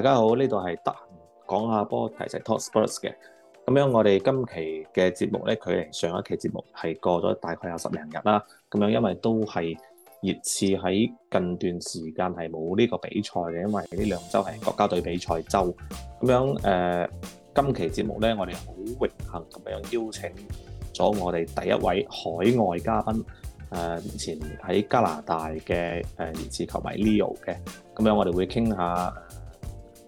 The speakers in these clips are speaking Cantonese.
大家好，呢度係得閒講下波，齊齊 Talk Spurs 嘅咁樣。我哋今期嘅節目咧，距離上一期節目係過咗大概有十零日啦。咁樣，因為都係熱刺喺近段時間係冇呢個比賽嘅，因為呢兩週係國家隊比賽週。咁樣誒、呃，今期節目咧，我哋好榮幸咁樣邀請咗我哋第一位海外嘉賓誒、呃，前喺加拿大嘅誒熱刺球迷 Leo 嘅。咁樣，我哋會傾下。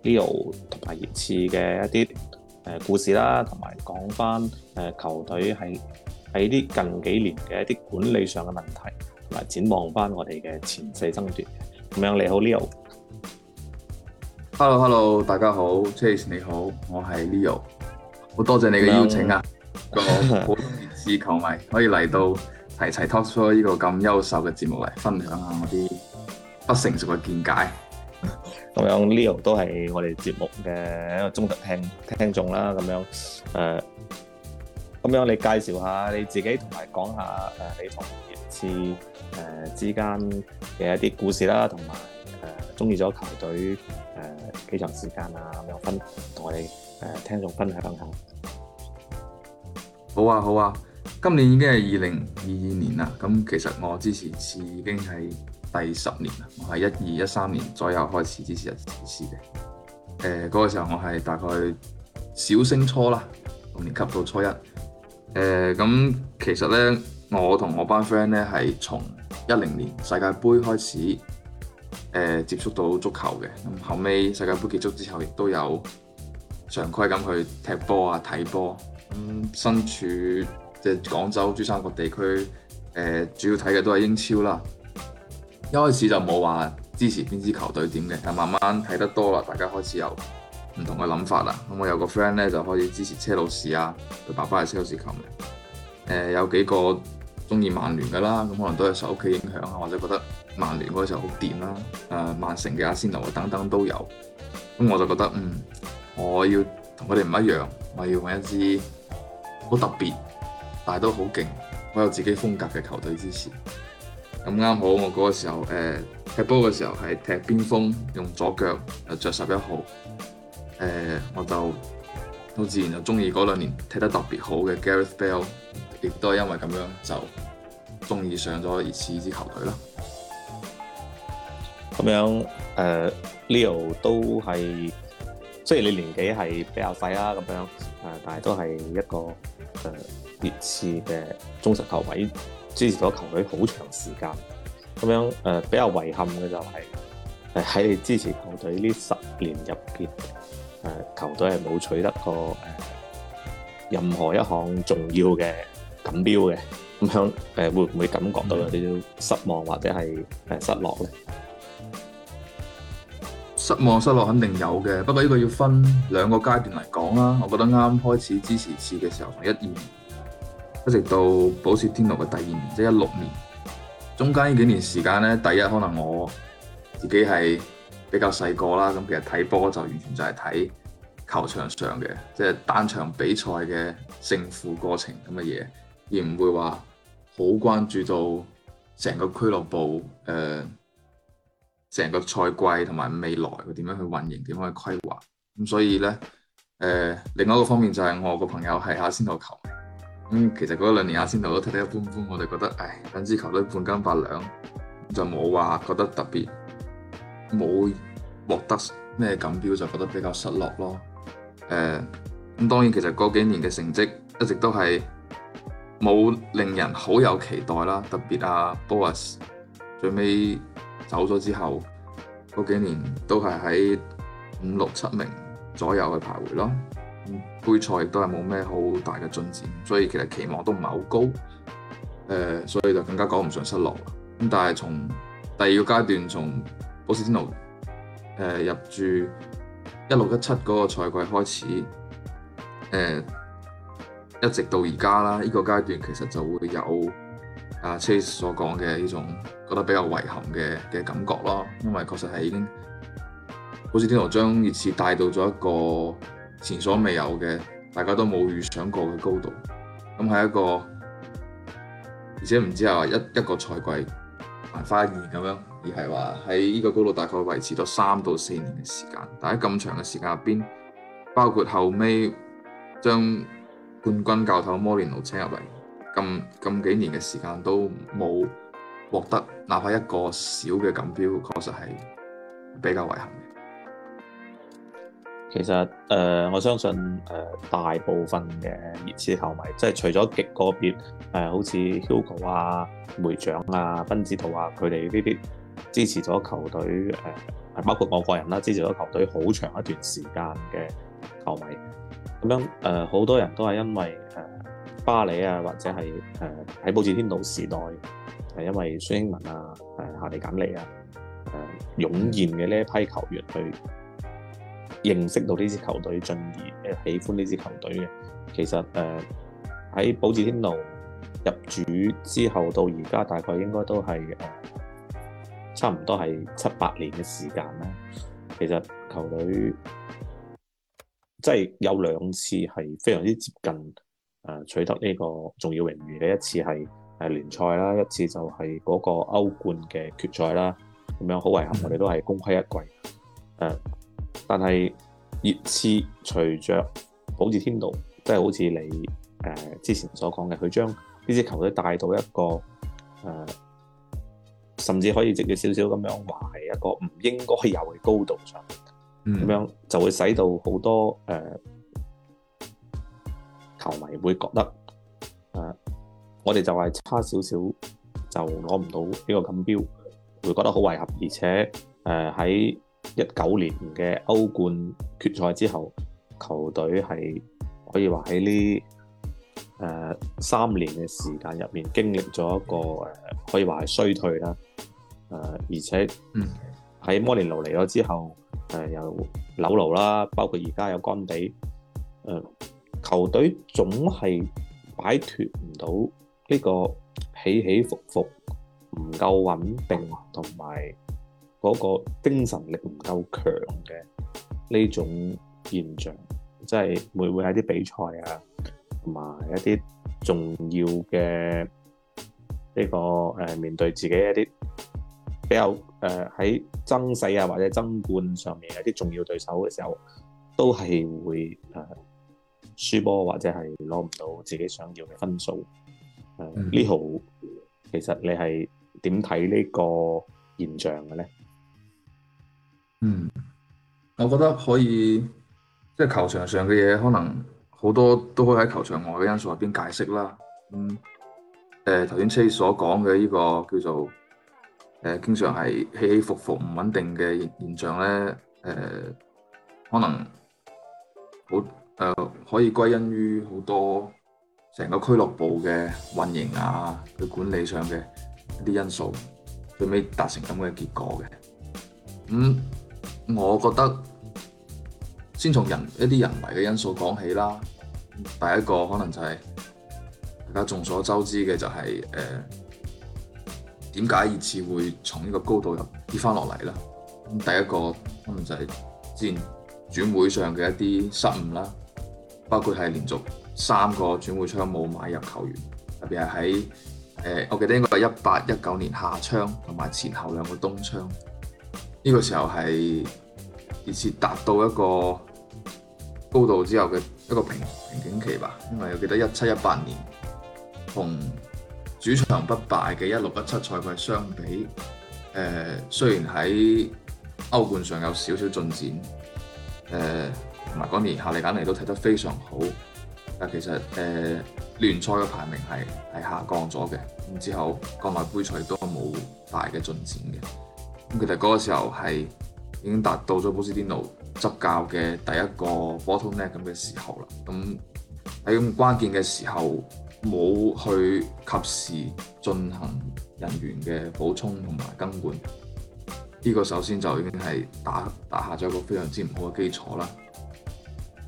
Leo 同埋熱刺嘅一啲故事啦，同埋講翻誒球隊喺喺啲近幾年嘅一啲管理上嘅問題，同埋展望翻我哋嘅前世爭奪。咁樣你好，Leo。Hello Hello，大家好 c h a s e 你好，我係 Leo。好多謝你嘅邀請啊！個通熱刺球迷可以嚟到齊齊 talk show 呢個咁優秀嘅節目嚟分享下我啲不成熟嘅見解。咁樣 Leo 都係我哋節目嘅一個忠實聽聽眾啦，咁樣誒，咁、呃、樣你介紹下你自己你講，同埋講下誒你同熱刺誒之間嘅一啲故事啦，同埋誒中意咗球隊誒幾長時間啊，咁樣分同我哋誒聽眾分享分享。好啊好啊，今年已經係二零二二年啦，咁其實我之前是已經係。第十年啊，我喺一二一三年左右開始支持熱刺支持嘅。誒、呃，嗰、那個時候我係大概小升初啦，六年級到初一。誒、呃，咁其實咧，我同我班 friend 咧係從一零年世界盃開始誒、呃、接觸到足球嘅。咁後尾世界盃結束之後，亦都有常規咁去踢波啊、睇波。咁、嗯、身處即係、就是、廣州珠三角地區，誒、呃、主要睇嘅都係英超啦。一開始就冇話支持邊支球隊點嘅，但慢慢睇得多啦，大家開始有唔同嘅諗法啦。咁我有個 friend 就開始支持車路士啊，佢爸爸係車路士球迷。呃，有幾個鍾意曼聯嘅啦，咁可能都係受屋企影響或者覺得曼聯嗰時候好掂啦。曼城嘅阿仙奴等等都有。咁我就覺得，嗯，我要同佢哋唔一樣，我要揾一支好特別，但係都好勁，我有自己風格嘅球隊支持。咁啱好，我嗰個時候，誒、呃、踢波嘅時候係踢邊鋒，用左腳，又着十一號。我就好自然就中意嗰兩年踢得特別好嘅 Gareth Bale，亦都係因為咁樣就中意上咗熱刺呢支球隊啦。咁樣誒、呃、Leo 都係，雖然你年紀係比較細啦，咁樣、呃、但係都係一個誒熱刺嘅忠實球位。支持咗球隊好長時間，咁樣誒、呃、比較遺憾嘅就係誒喺你支持球隊呢十年入邊，誒、呃、球隊係冇取得過誒、呃、任何一項重要嘅錦標嘅。咁樣誒、呃、會唔會感覺到有啲失望或者係誒失落咧？失望失落肯定有嘅，不過呢個要分兩個階段嚟講啦。我覺得啱啱開始支持時嘅時候係一二年，一直到保持天奴嘅第二年，即係一六年，中間呢幾年時間呢，第一可能我自己係比較細個啦，咁其實睇波就完全就係睇球場上嘅，即係單場比賽嘅勝負過程咁嘅嘢，而唔會話好關注到成個俱樂部誒，呃，成個賽季同埋未來佢點樣去運營，點樣去規劃咁，所以呢，呃，另外一個方面就係我個朋友係阿仙頭球。嗯、其實嗰一兩年阿仙奴都踢得一般般，我就覺得，唉，兩支球隊半斤八兩，就冇話覺得特別，冇獲得咩錦標，就覺得比較失落咯。誒、呃，咁當然其實嗰幾年嘅成績一直都係冇令人好有期待啦，特別阿波 s 最尾走咗之後，嗰幾年都係喺五六七名左右去徘徊咯。杯賽亦都係冇咩好大嘅進展，所以其實期望都唔係好高，呃，所以就更加講唔上失落。但係從第二個階段，從波士天奴，呃，入住一六一七嗰個賽季開始，呃，一直到而家啦，呢個階段其實就會有阿 Chase 所講嘅呢種覺得比較遺憾嘅感覺囉，因為確實係已經波士天奴將熱刺帶到咗一個前所未有嘅，大家都冇預想過嘅高度，咁係一個，而且唔知係話一一個賽季曇花一現咁樣，而係話喺呢個高度大概維持咗三到四年嘅時間，但喺咁長嘅時間入邊，包括後尾將冠軍教頭摩連奴請入嚟咁，咁幾年嘅時間都冇獲得哪怕一個小嘅錦標，確實係比較遺憾。其實，誒、呃，我相信，誒、呃，大部分嘅熱刺球迷，即係除咗極個別，誒、呃，好似 Hugo 啊、梅長啊、賓子圖啊，佢哋呢啲支持咗球隊，誒、呃，包括我個人啦、啊，支持咗球隊好長一段時間嘅球迷，咁樣，誒、呃，好多人都係因為誒、呃、巴黎啊，或者係誒喺布治天奴時代，係因為孫英文啊、誒、呃、夏利簡尼啊、誒、呃、湧現嘅呢一批球員去認識到呢支球隊，進而誒喜歡呢支球隊嘅。其實誒喺保志天奴入主之後，到而家大概應該都係誒、呃、差唔多係七八年嘅時間咧。其實球隊即係、就是、有兩次係非常之接近誒、呃、取得呢個重要榮譽嘅，一次係誒聯賽啦，一次就係嗰個歐冠嘅決賽啦。咁樣好遺憾，我哋都係功虧一簣誒。呃但係熱刺隨着保持天道，即、就、係、是、好似你、呃、之前所講嘅，佢將呢支球隊帶到一個、呃、甚至可以直接少少咁樣話係一個唔應該有嘅高度上面，咁、mm. 樣就會使到好多、呃、球迷會覺得、呃、我哋就係差少少就攞唔到呢個錦標，會覺得好遺憾，而且誒喺、呃一九年嘅歐冠決賽之後，球隊係可以話喺呢三年嘅時間入面經歷咗一個、呃、可以話係衰退啦、呃，而且喺摩連奴嚟咗之後，誒有紐勞啦，包括而家有干地、呃，球隊總係擺脫唔到呢個起起伏伏，唔夠穩定同埋。嗰個精神力唔夠強嘅呢種現象，即係會唔會喺啲比賽啊，同埋一啲重要嘅呢個誒面對自己一啲比較誒喺爭四啊，或者爭冠上面一啲重要對手嘅時候，都係會誒輸波或者係攞唔到自己想要嘅分數。呢號其實你係點睇呢個現象嘅咧？嗯，我覺得可以，即、就、係、是、球場上嘅嘢，可能好多都可以喺球場外嘅因素入邊解釋啦。嗯，誒、呃，頭先 Chase 所講嘅呢個叫做誒、呃，經常係起起伏伏、唔穩定嘅現象咧，誒、呃，可能好誒、呃，可以歸因於好多成個俱樂部嘅運營啊，佢管理上嘅一啲因素，最尾達成咁嘅結果嘅。咁、嗯。我覺得先從人一些人為的因素講起啦。第一個可能就是大家眾所周知的就係、是呃、點解熱刺會從這個高度入跌翻落嚟啦？第一個可能就係之前轉會上的一些失誤啦，包括是連續三個轉會窗冇買入球員，特別是在誒、呃，我記得應該係一八一九年夏窗同埋前後兩個冬窗。呢、這個時候係熱刺達到一個高度之後嘅一個瓶頸期吧，因為我記得一七一八年同主場不敗嘅一六一七賽季相比，誒、呃、雖然喺歐冠上有少少進展，誒同埋嗰年夏利簡尼都踢得非常好，但其實誒聯賽嘅排名係下降咗嘅，之後國內杯賽都冇大嘅進展嘅。其實嗰個時候係已經達到咗布斯蒂諾執教嘅第一個 bottleneck 嘅時候啦。咁喺咁關鍵嘅時候冇去及時進行人員嘅補充同埋更換，呢、這個首先就已經係打打下咗一個非常之唔好嘅基礎啦。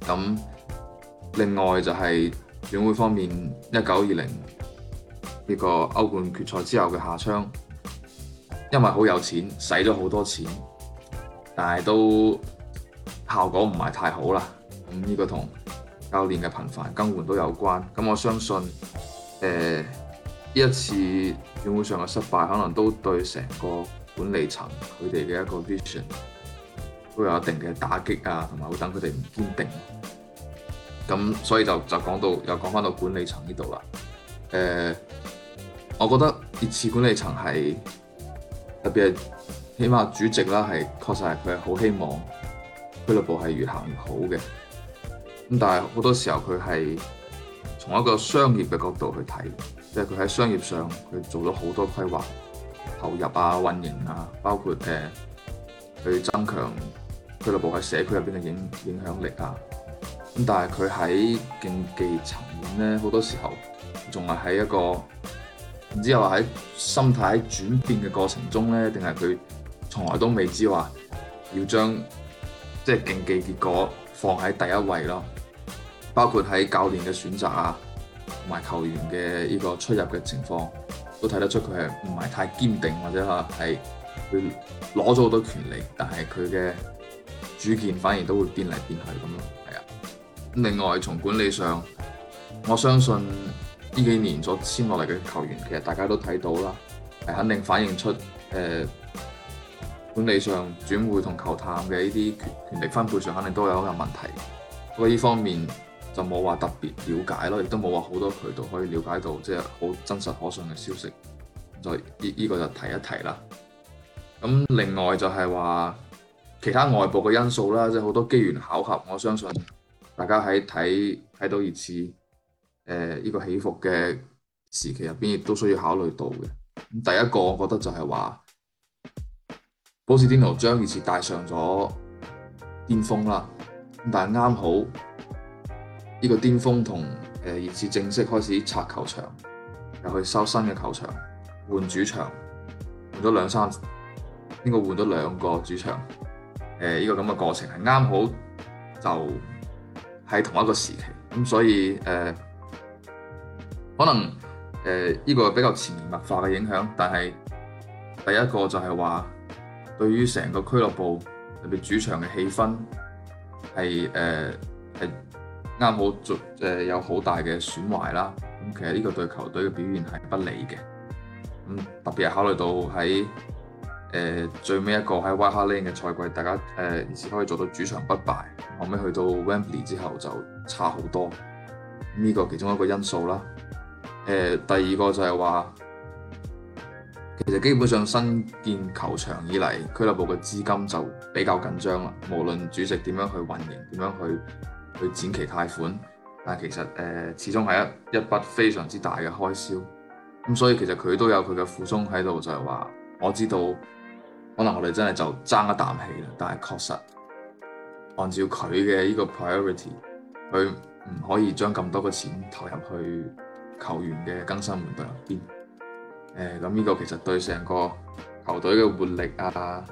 咁另外就係轉會方面，一九二零呢個歐冠決賽之後嘅夏窗。因為好有錢，使咗好多錢，但係都效果唔係太好啦。咁呢個同教練嘅頻繁更換都有關。咁我相信，呢、呃、一次轉會上嘅失敗，可能都對成個管理層佢哋嘅一個 vision 都有一定嘅打擊啊，同埋會等佢哋唔堅定。咁所以就就講到又講返到管理層呢度啦。誒，我覺得熱刺管理層係。特別係起碼主席啦，係確實係佢好希望俱樂部係越行越好嘅。但係好多時候佢係從一個商業嘅角度去睇，即係佢喺商業上佢做咗好多規劃、投入啊、運營啊，包括誒去增強俱樂部喺社區入面嘅影影響力啊。但係佢喺競技層面呢，好多時候仲係喺一個。唔知又話喺心態喺轉變嘅過程中咧，定係佢從來都未知話要將即係競技結果放喺第一位咯。包括喺教練嘅選擇啊，同埋球員嘅呢個出入嘅情況，都睇得出佢係唔係太堅定或者話係佢攞咗好多權力，但係佢嘅主見反而都會變嚟變去咁咯。係啊。另外，從管理上，我相信，呢幾年所簽落嚟嘅球員，其實大家都睇到啦，係肯定反映出呃、管理上轉會同球探嘅呢啲權力分配上，肯定都有有問題。不過呢方面就冇話特別了解囉，亦都冇話好多渠道可以了解到即係好真實可信嘅消息。就依依、呢個就提一提啦。咁另外就係話其他外部嘅因素啦，即係好多機緣巧合，我相信大家喺睇睇到熱刺。誒、呃，呢、這個起伏嘅時期入邊亦都需要考慮到嘅。咁第一個，我覺得就係話，波士頓奴將熱刺帶上咗巔峰啦。咁但係啱好，呢、這個巔峰同誒熱刺正式開始拆球場，入去修新嘅球場，換主場，換咗兩三，應該換咗兩個主場。誒、呃，呢、這個咁嘅過程係啱好就喺同一個時期。咁所以誒。呃可能、呃、這個比較潛移默化的影響，但是第一個就是說，對於整個俱樂部裏面主場的氣氛，是呃是剛好有很大的損壞啦。其實這個對球隊的表現是不利的，特別是考慮到在、呃、最後一個在 White Hart Lane 賽季大家呃只可以做到主場不敗，後面去到 Wembley 之後就差很多，這個其中一個因素啦。誒、呃，第二個就係話，其實基本上新建球場以嚟，俱樂部嘅資金就比較緊張啦。無論主席點樣去運營，點樣去去展期貸款，但其實誒、呃，始終係一一筆非常之大嘅開銷。咁所以其實佢都有佢嘅苦衷喺度，就係、是、話我知道可能我哋真係就爭一啖氣啦，但係確實按照佢嘅呢個 priority，佢唔可以將咁多嘅錢投入去。球員嘅更新換代入邊，呢、呃、個其實對成個球隊嘅活力啊，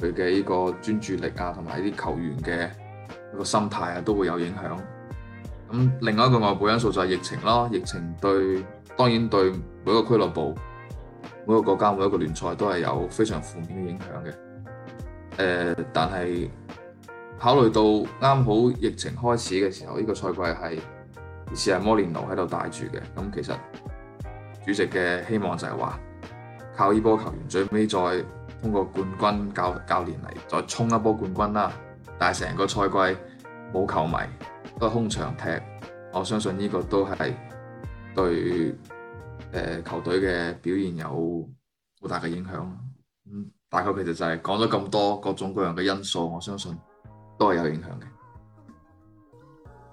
佢嘅呢個專注力啊，同埋啲球員嘅一個心態啊，都會有影響。那另外一個外部因素就係疫情咯，疫情對當然對每一個俱樂部、每個國家、每一個聯賽都係有非常負面嘅影響嘅、呃。但係考慮到啱好疫情開始嘅時候，呢、這個賽季係，而是摩連奴喺度帶住嘅，咁其實主席嘅希望就係話靠呢波球員最尾再通過冠軍教教練嚟再衝一波冠軍啦。但係成個賽季冇球迷，都係空場踢，我相信呢個都係對、呃、球隊嘅表現有好大嘅影響。大概其實就係講咗咁多各種各樣嘅因素，我相信都係有影響嘅。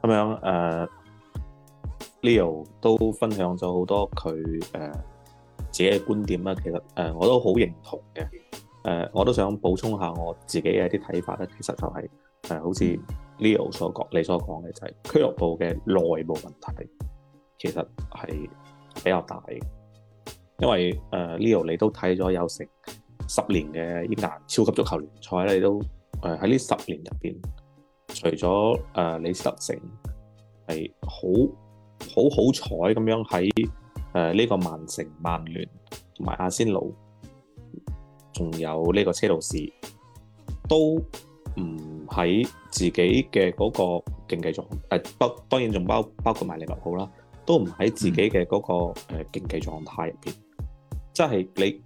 咁樣、uh Leo 都分享咗好多佢誒、呃、自己嘅觀點啦，其實誒、呃、我都好認同嘅。誒、呃、我都想補充下我自己嘅一啲睇法咧，其實就係、是、誒、呃、好似 Leo 所講，你所講嘅就係、是、俱樂部嘅內部問題，其實係比較大嘅。因為誒、呃、Leo 你都睇咗有成十年嘅英格蘭超級足球聯賽咧，你都誒喺呢十年入邊，除咗李斯特城係好。是很好好彩咁樣喺誒呢個曼城、曼聯同埋阿仙奴，仲有呢個車路士，都唔喺自己嘅嗰個競技狀態。誒，不當然仲包包括埋利物浦啦，都唔喺自己嘅嗰個誒競技狀態入邊。即、嗯、係、就是、你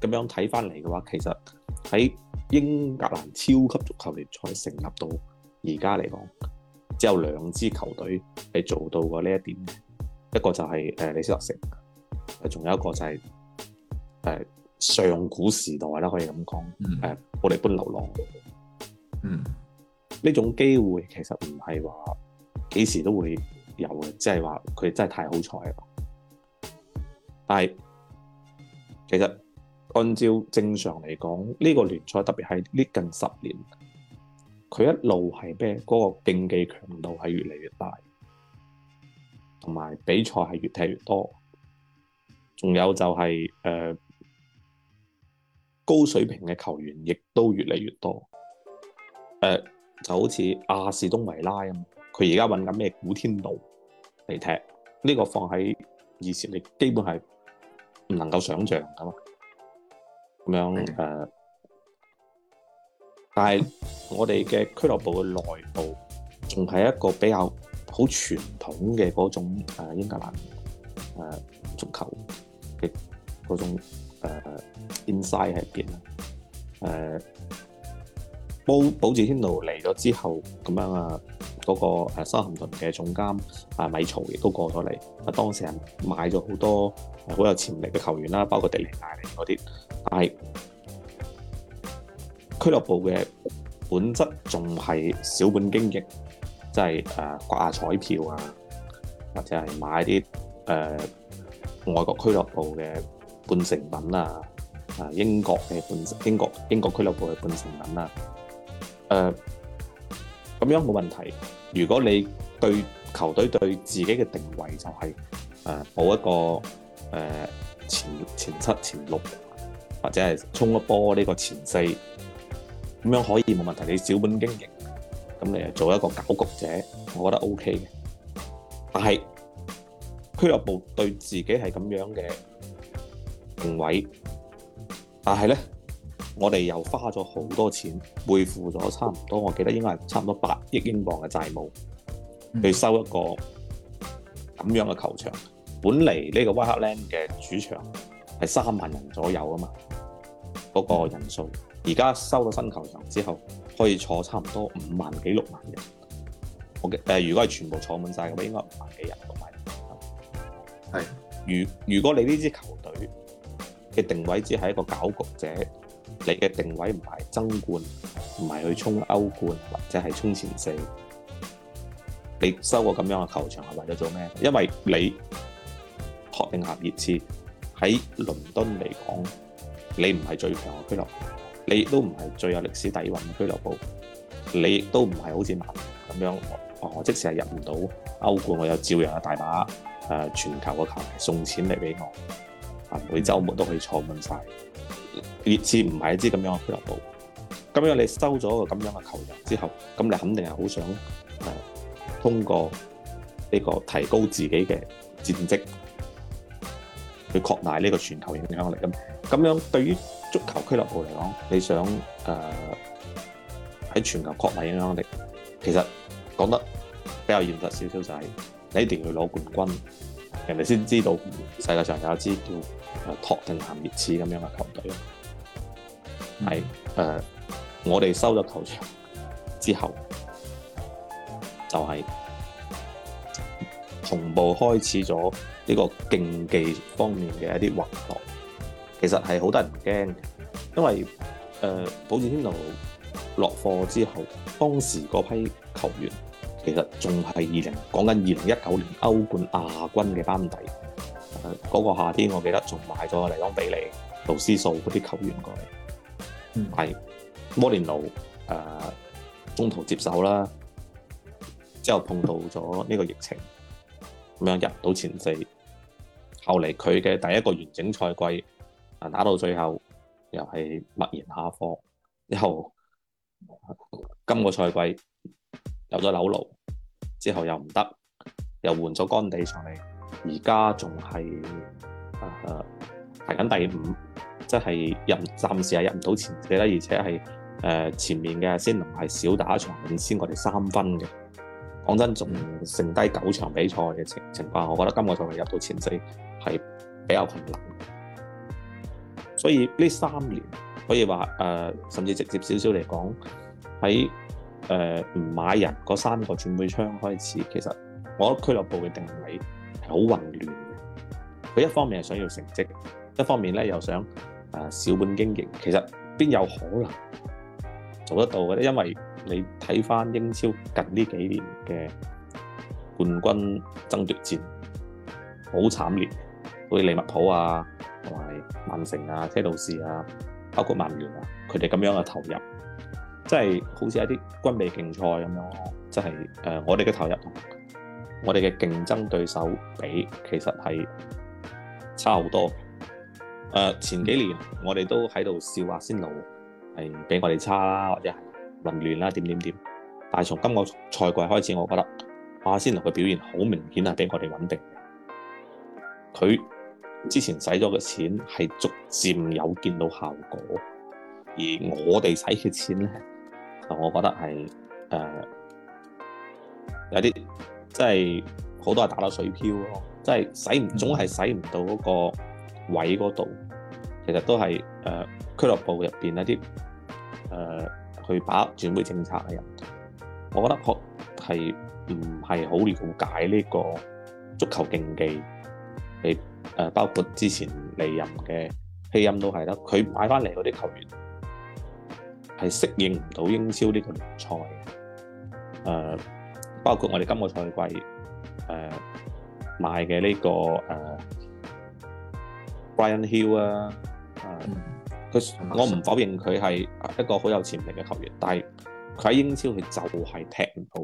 咁樣睇翻嚟嘅話，其實喺英格蘭超級足球聯賽成立到而家嚟講。只有兩支球隊係做到過呢一點，一個就係誒李斯特城，誒、呃、仲有一個就係、是、誒、呃、上古時代啦，可以咁講。誒布力般流浪，嗯，呢、呃嗯、種機會其實唔係話幾時都會有嘅，即係話佢真係太好彩啦。但係其實按照正常嚟講，呢、這個聯賽特別係呢近十年。佢一路係咩？嗰個競技強度係越嚟越大，同埋比賽係越踢越多，仲有就係、是、誒、呃、高水平嘅球員亦都越嚟越多。誒、呃、就好似阿士東維拉啊，佢而家揾緊咩古天樂嚟踢？呢、這個放喺以前，你基本係唔能夠想象㗎嘛。咁樣誒。嗯但係我哋嘅俱樂部嘅內部仲係一個比較好傳統嘅嗰種英格蘭足球嘅嗰種 inside 在喺入邊，保保治天奴嚟咗之後咁樣啊，嗰、嗰個誒沙咸頓嘅總監米曹亦都過咗嚟，當時係買咗好多好有潛力嘅球員啦，包括地利艾尼嗰啲，但是俱樂部嘅本質仲係小本經營，即、係刮下彩票啊，或者係買啲誒、呃、外國俱樂部嘅半成品啊、呃，英國嘅半英，國英國俱樂部嘅半成品啊，誒、呃、噉樣冇問題。如果你對球隊對自己嘅定位就係誒冇一個、呃、前，前七前六，或者係衝一波呢個前四。咁樣可以冇問題，你小本經營，咁你做一個搞局者，我覺得 OK 嘅。但係俱樂部對自己係這樣嘅定位，但係呢，我哋又花咗好多錢，背負咗差唔多，我記得應該係差唔多八億英鎊嘅債務、嗯、去收一個咁樣嘅球場。本嚟呢個 White Hart Lane 嘅主場係三萬人左右啊嘛，嗰、那個人數。而家收咗新球場之後，可以坐差唔多五萬幾六萬人。嘅、呃，如果係全部坐滿曬嘅話，應該五萬幾人同埋、嗯。如，如果你呢支球隊嘅定位只係一個攪局者，你嘅定位唔係爭冠，唔係去衝歐冠或者係衝前四，你收個咁樣嘅球場係為咗做咩？因為你托定咸熱刺喺倫敦嚟講，你唔係最強嘅俱樂部。你都唔係最有歷史底蘊嘅俱樂部，你亦都唔係好似曼城咁樣、哦，我即使係入唔到歐冠，我有照樣有大把全球嘅球迷送錢嚟俾我，每週末都可以坐滿曬，亦似唔係一支咁樣嘅俱樂部。咁樣你收咗個咁樣嘅球員之後，咁你肯定係好想、啊、通過呢個提高自己嘅戰績，去擴大呢個全球影響力。咁樣對於足球俱樂部嚟講，你想誒喺、呃、全球確立咁樣嘅，其實講得比較現實少少就係、是，你一定要攞冠軍，人哋先知道世界上有一支叫托定南列刺咁樣嘅球隊。係、嗯呃、我哋收咗球場之後，就係、是、同步開始咗呢個競技方面嘅一啲運動。其實係好多人唔驚，因為誒、呃、保治天奴落課之後，當時嗰批球員其實仲係二零講緊二零一九年歐冠亞軍嘅班底。呃、那嗰個夏天，我記得仲買咗尼安比利、勞斯素嗰啲球員過嚟，係、嗯、摩連奴、呃、中途接手啦，之後碰到咗呢個疫情，咁樣入到前四，後來佢嘅第一個完整賽季。打到最後又係默然下課，之後今個賽季有咗柳盧，之後又唔得，又換咗干地上嚟，而家仲係誒排緊第五，即係入暫時係入唔到前四啦。而且係誒、呃、前面嘅阿仙奴係少打一場，先我哋三分嘅。講真，仲剩低九場比賽嘅情情況，我覺得今個賽季入到前四係比較困難。所以呢三年可以話誒、呃，甚至直接少少嚟講，喺誒唔買人嗰三個轉會窗開始，其實我覺得俱樂部嘅定位係好混亂嘅。佢一方面係想要成績，一方面呢又想誒小、呃、本經營，其實邊有可能做得到嘅咧？因為你睇翻英超近呢幾年嘅冠軍爭奪戰，好慘烈，好似利物浦啊～同埋曼城啊、車路士啊，包括曼聯啊，佢哋咁樣嘅投入，即係好似一啲軍備競賽咁樣，即係、呃、我哋嘅投入同我哋嘅競爭對手比，其實係差好多、呃。前幾年我哋都喺度笑阿仙奴係比我哋差或者係混亂啦，點點點。但係從今個賽季開始，我覺得阿仙奴嘅表現好明顯係比我哋穩定嘅，佢之前使咗嘅錢係逐漸有見到效果，而我哋使嘅錢呢，我覺得係誒、呃、有啲即係好多係打到水漂咯，即係使唔總係使唔到嗰個位嗰度。其實都係誒、呃、俱樂部入面一啲誒、呃、去把握轉會政策嘅人，我覺得係唔係好了解呢個足球競技。誒，包括之前離任嘅希欽都係啦，佢買翻嚟嗰啲球員係適應唔到英超呢個聯賽嘅。包括我哋今個賽季誒、啊、買嘅呢，這個誒、啊、Bryan Gil 啊，誒、啊、佢、嗯、我唔否認佢係一個好有潛力嘅球員，嗯、但係佢喺英超佢就係踢唔到，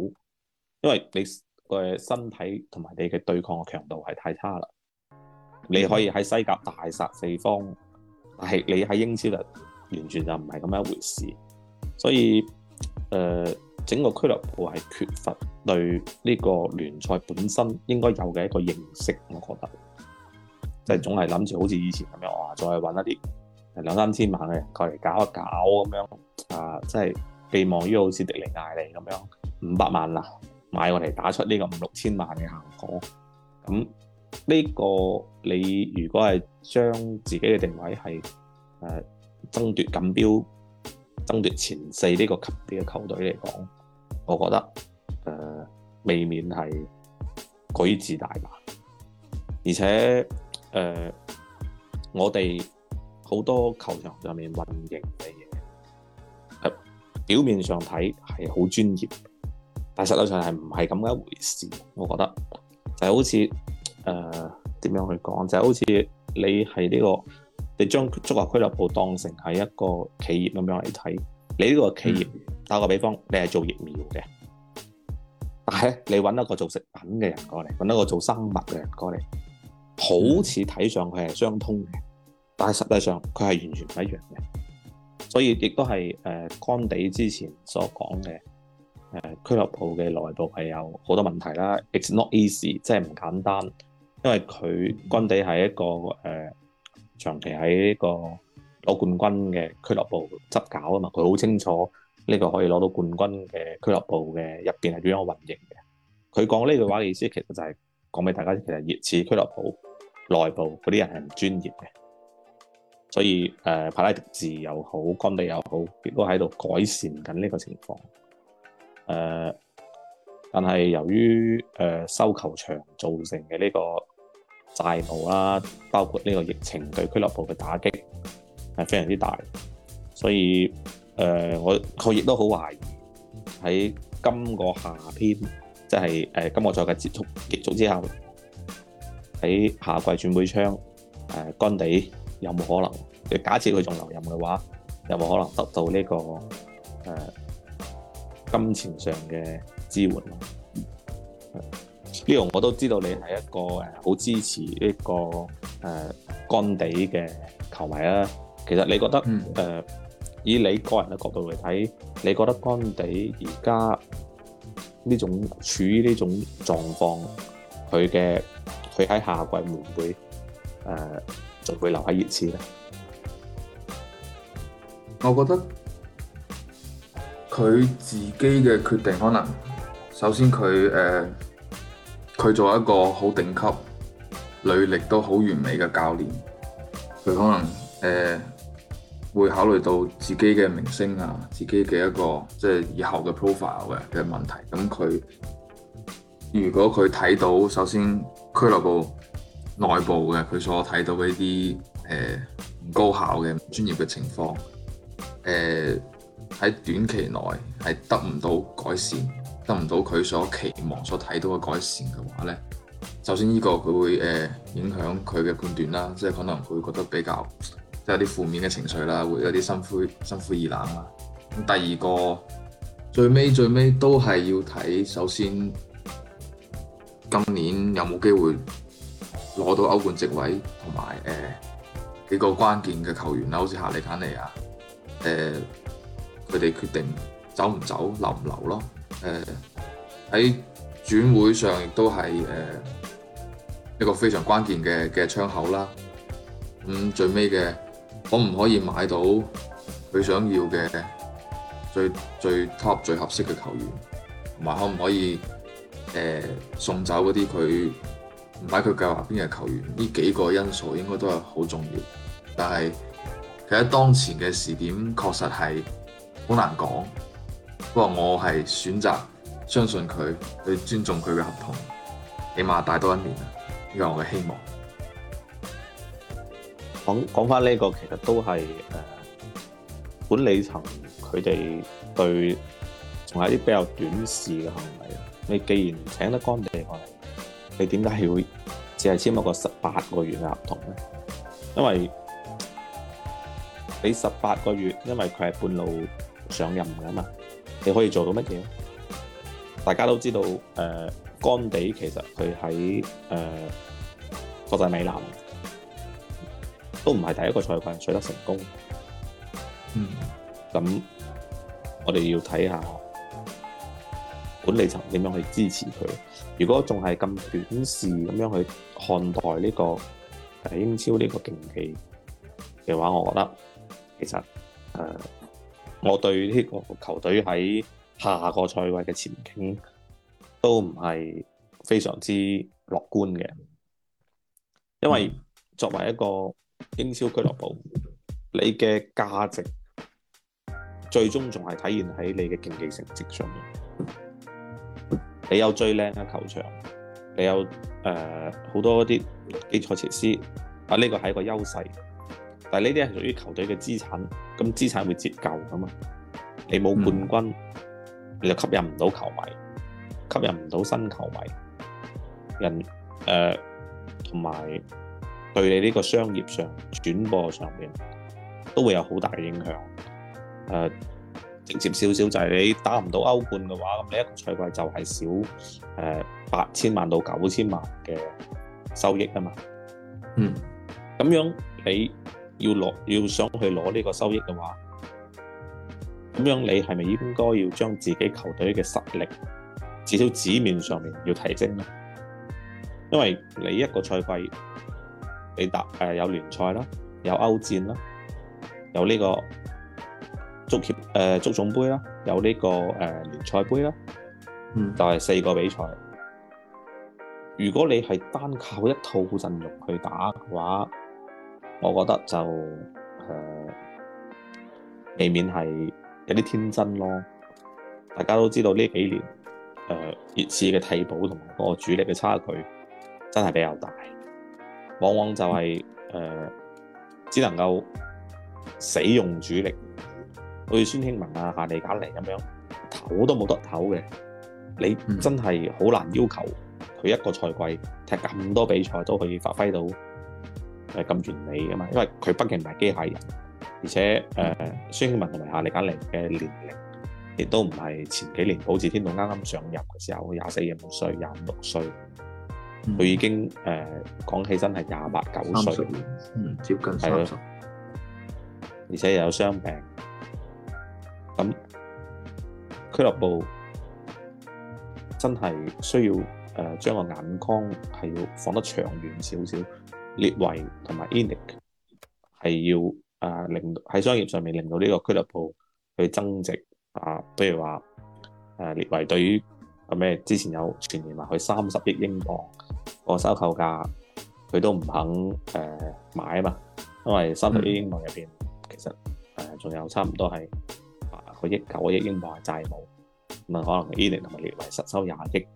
因為你嘅身體同埋你嘅對抗嘅強度係太差啦。你可以喺西甲大殺四方，但係你喺英超就完全就唔係咁樣一回事，所以誒、呃、整個俱樂部係缺乏對呢個聯賽本身應該有嘅一個認識，我覺得即係、是、總係諗住好似以前咁樣話再揾一啲兩三千萬嘅人過嚟搞一搞咁樣啊，即係寄望於好似迪尼艾利咁樣五百萬啦買過嚟打出呢個五六千萬嘅效果咁。呢、這個你如果係將自己嘅定位係誒、呃、爭奪錦標、爭奪前四呢個級別嘅球隊嚟講，我覺得、呃、未免係過於自大吧。而且、呃、我哋好多球場上面運營嘅嘢，表面上睇係好專業，但實際上係唔係咁一回事。我覺得就係好似。誒、呃、點樣去講？就係、好似你係呢、呢個，你將中國俱樂部當成係一個企業咁樣嚟睇。你呢個企業、嗯、打個比方，你係做疫苗嘅，但係你揾一個做食品嘅人過嚟，揾一個做生物嘅人過嚟，好似睇上佢係相通嘅，但係實際上佢係完全唔一樣嘅。所以亦都係誒，乾地之前所講嘅，誒，俱樂部嘅內部係有好多問題啦。It's not easy，即係唔簡單。因為佢干地係一個誒、呃、長期喺呢個攞冠軍嘅俱樂部執教啊嘛，佢好清楚呢個可以攞到冠軍嘅俱樂部嘅入邊係點樣運營嘅。佢講呢句話嘅意思，其實就係講俾大家，其實熱刺俱樂部內部嗰啲人係唔專業嘅，所以誒柏、呃、拉迪治又好，干地又好，亦都喺度改善緊呢個情況。誒、呃，但係由於誒、呃、收球場造成嘅呢、這個。大部啦，包括呢個疫情對俱樂部嘅打擊係非常之大，所以、呃、我佢亦都好懷疑喺今個夏天，即係今個賽季結束結束之後，喺夏季轉會窗誒，干、呃、地有冇有可能？假設佢仲留任嘅話，有冇有可能得到呢、這個、呃、金錢上嘅支援？呢樣我都知道，你係一個誒好支持呢、這個誒干、呃、地嘅球迷啦。其實你覺得誒、嗯呃，以你個人嘅角度嚟睇，你覺得干地而家呢種處於呢種狀況，佢嘅佢喺下季會唔會誒仲、呃、會留喺熱刺呢？我覺得佢自己嘅決定可能首先佢誒。呃佢做一個好頂級履歷都好完美嘅教練，佢可能會、呃、會考慮到自己嘅明星啊、自己嘅一個即係以後嘅 profile 嘅問問題。咁佢如果佢睇到首先俱樂部內部嘅佢所睇到嘅一啲誒唔高效嘅唔專業嘅情況，呃、在喺短期內係得唔到改善。得唔到佢所期望、所睇到嘅改善嘅話咧，首先呢個佢會誒、呃、影響佢嘅判斷啦，即係可能佢會覺得比較即係有啲負面嘅情緒啦，會有啲心灰心灰意冷啦。咁第二個最尾最尾都係要睇，首先今年有冇機會攞到歐冠席位同埋誒幾個關鍵嘅球員啦，好似夏利簡尼啊誒，佢哋決定走唔走、留唔留咯。誒、呃、喺轉會上亦都係誒一個非常關鍵嘅嘅窗口啦。咁最尾嘅可唔可以買到佢想要嘅最最 top 最合適嘅球員，同埋可唔可以誒、呃、送走嗰啲佢唔喺佢計劃邊嘅球員？呢幾個因素應該都係好重要。但係其實當前嘅時點，確實係好難講。不過我係選擇相信佢，去尊重佢嘅合同，起碼大多一年啊。呢個係我嘅希望。講講返呢個，其實都係、呃、管理層佢哋對仲一啲比較短視嘅行為。你既然請得乾地嚟，你點解係會只係簽一個十八個月嘅合同呢？因為你十八個月，因為佢係半路上任㗎嘛。你可以做到乜嘢？大家都知道，誒、呃，干地其實佢喺誒國際米蘭都唔係第一個賽季取得成功。嗯，咁我哋要睇下管理層點樣去支持佢。如果仲係咁短視咁樣去看待呢個誒英超呢個競技嘅話，我覺得其實誒，呃我對呢個球隊喺下個賽季的前景都唔係非常之樂觀嘅，因為作為一個英超俱樂部，你的價值最終還是體現喺你的競技成績上面。你有最靚嘅球場，你有誒好、呃、多啲基礎設施啊，呢、這個是一個優勢。但呢啲係屬於球隊嘅資產，咁資產會折舊㗎嘛。你冇冠軍、嗯，你就吸引唔到球迷，吸引唔到新球迷，人誒同埋對你呢個商業上轉播上面都會有好大嘅影響。誒、呃、直接少少就係你打唔到歐冠嘅話，咁你一個賽季就係少誒八千萬到九千萬嘅收益啊嘛。嗯，咁樣你。要，要想去攞呢個收益嘅話，咁樣你係咪應該要將自己球隊嘅實力至少紙面上面要提升呢？因為你一個賽季你打、呃、有聯賽啦，有歐戰啦，有呢、這個足協、呃、足總杯啦，有呢、這個、呃、聯賽杯啦，就係、是、四個比賽。如果你係單靠一套陣容去打嘅話，我覺得就誒、呃，未免係有啲天真咯。大家都知道呢幾年誒熱刺嘅替補同埋個主力嘅差距真係比較大，往往就係、是、誒、呃、只能夠使用主力，好似孫興慜啊、夏利簡尼咁樣，唞都冇得唞嘅。你真係好難要求佢一個賽季踢咁多比賽都可以發揮到。誒咁完美啊嘛，因為佢畢竟唔係機械人，而且誒、嗯呃、孫興文同埋夏利簡尼嘅年齡，亦都唔係前幾年保志天龍啱啱上任嘅時候，佢廿四廿五歲，廿五六歲，佢已經誒講、呃、起身係廿八九歲，嗯，接近三十，而且又有傷病，咁俱樂部真係需要誒將個眼光係要放得長遠少少。列維同埋 ENIC 係要、呃、在喺商業上面令到呢個俱樂部去增值啊，譬如話、呃、列維對於、啊、之前有傳言話佢三十億英鎊個收購價，佢都唔肯買、呃、買嘛，因為三十億英鎊入面、嗯、其實、呃、還仲有差唔多係八個億九個億英鎊係債務，咁啊可能 ENIC 同列維實收廿億，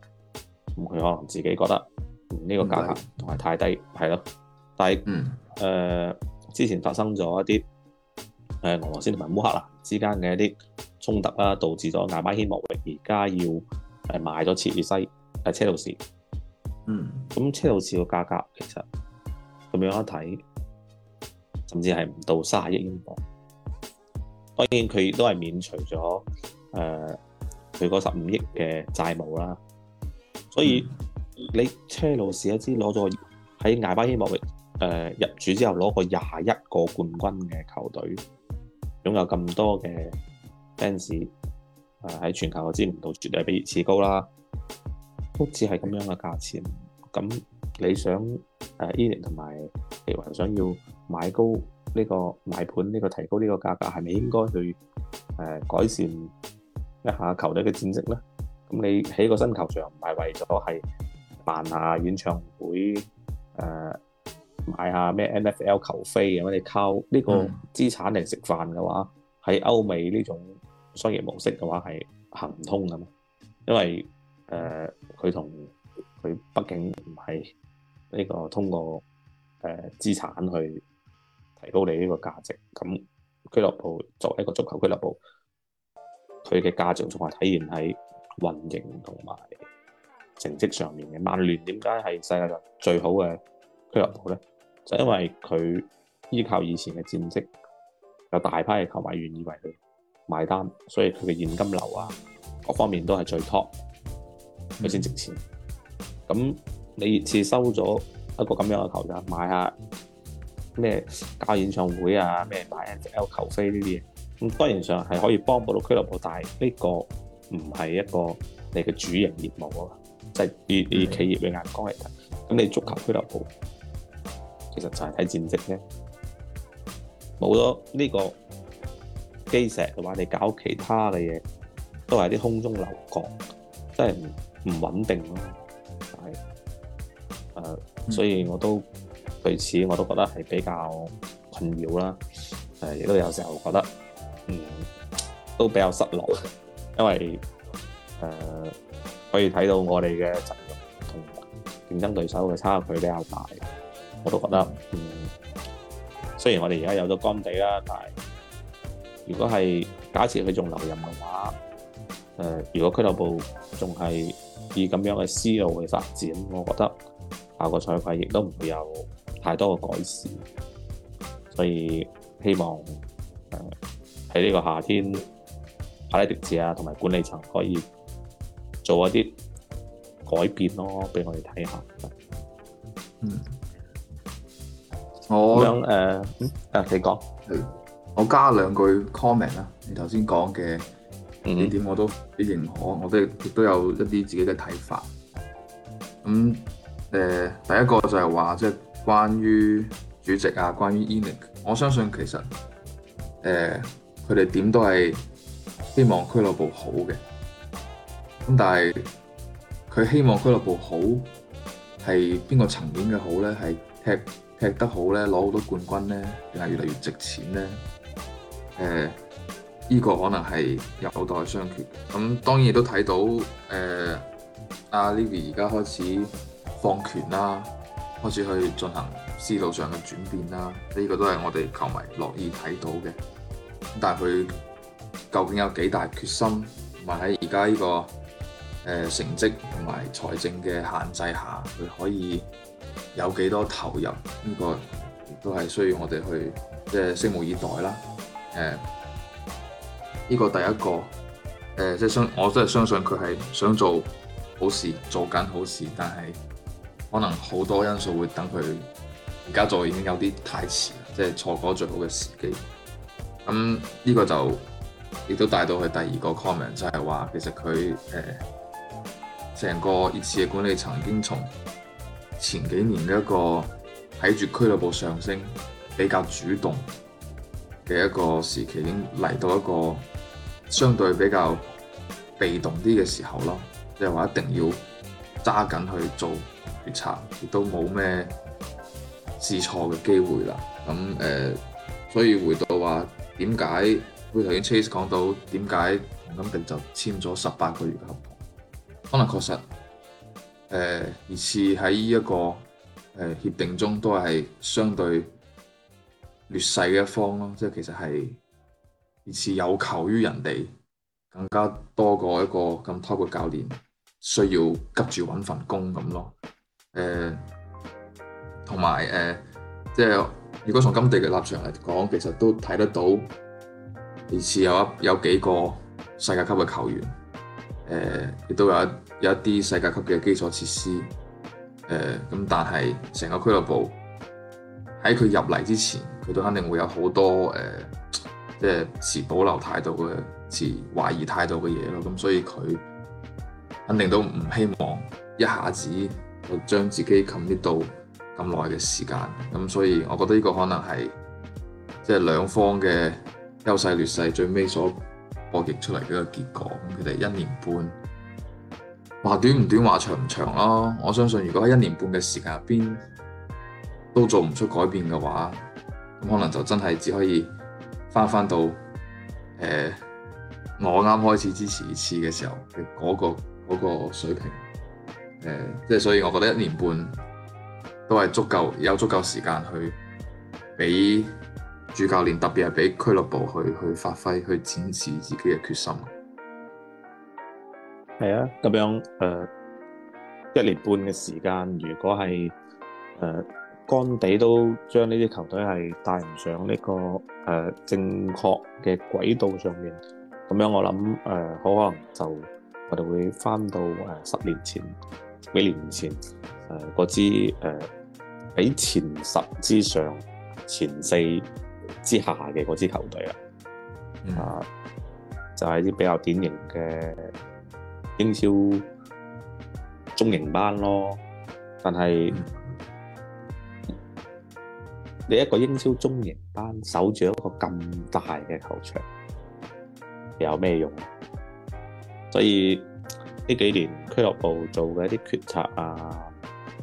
咁佢可能自己覺得呢、呃這個價格同埋太低，係、嗯但係、嗯呃、之前發生咗一啲、呃、俄羅斯同埋烏克蘭之間嘅一啲衝突啦、啊，導致咗阿巴莫域，而家要誒賣咗切爾西，誒車路士。嗯，咁車路士嘅價格其實咁樣一睇，甚至係唔到三十億英鎊。當然佢都係免除咗誒佢嗰十五億嘅債務啦。所以、嗯、你車路士一直攞咗喺阿巴莫域，誒入主之後攞過廿一個冠軍嘅球隊，擁有咁多嘅 fans，喺全球嘅知名度絕對比熱刺高啦。好似係咁樣嘅價錢咁，咁你想 ENIC 同埋皮雲想要買高呢、呢個買盤、呢個，呢個提高呢個價格，係咪應該去、呃、改善一下球隊嘅戰績呢？咁你喺個新球場唔係為咗係辦下演唱會、呃買下咩 NFL 球飛啊！我靠呢個資產嚟食飯嘅話，喺、嗯、歐美呢種商業模式嘅話係行唔通㗎嘛，因為誒佢同佢畢竟唔係呢個通過誒、呃、資產去提高你呢個價值。咁俱樂部作為一個足球俱樂部，佢嘅價值仲係體現喺運營同埋成績上面嘅。曼聯點解係世界上最好嘅俱樂部咧？就因為佢依靠以前嘅戰績，有大批嘅球迷願意為佢買單，所以佢嘅現金流啊，各方面都係最 top，佢先值錢。咁、嗯、你熱刺收咗一個這樣嘅球場買一下咩搞演唱會啊，咩、嗯、買 NFL 球飛呢啲嘢，咁當然上係可以幫助到俱樂部，但係呢個唔係一個你嘅主營業務啊，就係、以、你、嗯、企業嘅眼光嚟睇，咁你足球俱樂部。其實就係睇戰績啫，冇咗呢個基石嘅話，或者你搞其他嘅嘢都係啲空中樓閣，真係唔穩穩定、呃、所以我都對、嗯、此我都覺得係比較困擾啦。亦、呃、都有時候覺得，嗯，都比較失落，因為、呃、可以睇到我哋嘅陣容同競爭對手嘅差距比較大。我都覺得，雖、嗯、雖然我哋而家有咗乾地啦，但係如果係假設佢仲留任嘅話、呃，如果俱樂部仲係以這樣嘅思路去發展，我覺得下個賽季亦都唔會有太多嘅改善。所以希望喺呢、呃、個夏天，帕拉迪西啊同埋管理層可以做一啲改變咯，俾我哋睇下。嗯。我誒，啊，uh, uh, 你講，我加兩句 comment 啦。Mm-hmm. 你頭先講嘅幾點我都幾認可，我都亦都有一啲自己嘅睇法。咁誒、呃，第一個就係話，即係關於主席啊，關於 ENIC，我相信其實誒佢哋點都係希望俱樂部好嘅。咁但係佢希望俱樂部好係邊個層面嘅好咧？係踢？踢得好呢，攞好多冠軍呢，越嚟越值錢呢。誒，依、呃呢個可能係有待商榷。咁當然亦都睇到誒，阿 Livy 而家開始放權啦，開始去進行思路上嘅轉變啦。呢、呢個都係我哋球迷樂意睇到嘅。但係佢究竟有幾大決心？同埋喺而家呢個、呃、成績同埋財政嘅限制下，佢可以有幾多投入，呢個亦都係需要我哋去即係拭目以待啦。誒，呃，呢個第一個誒，即係相，我都係相信佢係想做好事，做緊好事，但係可能好多因素會等佢而家做，已經有啲太遲，即係錯過最好嘅時機。咁呢個就亦都帶到去第二個 comment，就係話其實佢誒成個熱刺嘅管理層，曾經從前幾年嘅一個睇住俱樂部上升比較主動嘅一個時期，已經嚟到一個相對比較被動啲嘅時候咯。即係話一定要揸緊去做決策，亦都冇咩試錯嘅機會啦。咁、呃、所以回到話點解佢頭先 Chase 講到點解咁定就簽咗十八個月嘅合同，可能確實。誒、呃，熱刺喺呢一個誒、呃、協定中，都係相對劣勢嘅一方咯。即係其實係熱刺有求於人哋，更加多過一個咁 top 嘅教練需要急住揾份工咁咯。誒、呃，同埋誒，即係如果從干地嘅立場嚟講，其實都睇得到，熱刺有有幾個世界級嘅球員，誒、呃，亦都有一。有一啲世界級嘅基礎設施，呃、咁但係成個俱樂部喺佢入嚟之前，佢都肯定會有好多誒，呃、即係持保留態度嘅、持懷疑態度嘅嘢咯。咁所以佢肯定都唔希望一下子就將自己冚啲到咁耐嘅時間。咁所以，我覺得呢個可能係即係兩方嘅優勢劣勢最尾所博弈出嚟嘅一個結果。咁佢哋一年半。話短唔短，話長唔長咯。我相信，如果喺一年半嘅時間入邊都做唔出改變嘅話，咁可能就真係只可以返返到，呃，我啱開始支持一次嘅時候嘅嗰個嗰個水平。呃，即係所以，我覺得一年半都係足夠有足夠時間去俾主教練，特別係俾俱樂部去去發揮，去展示自己嘅決心。係啊，咁樣誒、呃，一年半嘅時間，如果係誒、呃、干地都將呢啲球隊係帶唔上呢、這個誒、呃、正確嘅軌道上面，咁樣我諗誒好可能就我哋會翻到誒十年前、幾年前誒嗰、呃、支誒喺、呃、前十之上、前四之下嘅嗰支球隊啦、嗯，啊，就係、是、啲比較典型嘅英超中型班咯，但係你一個英超中型班，守住一個咁大嘅球場，有咩用啊？所以呢幾年俱樂部做嘅一啲決策啊，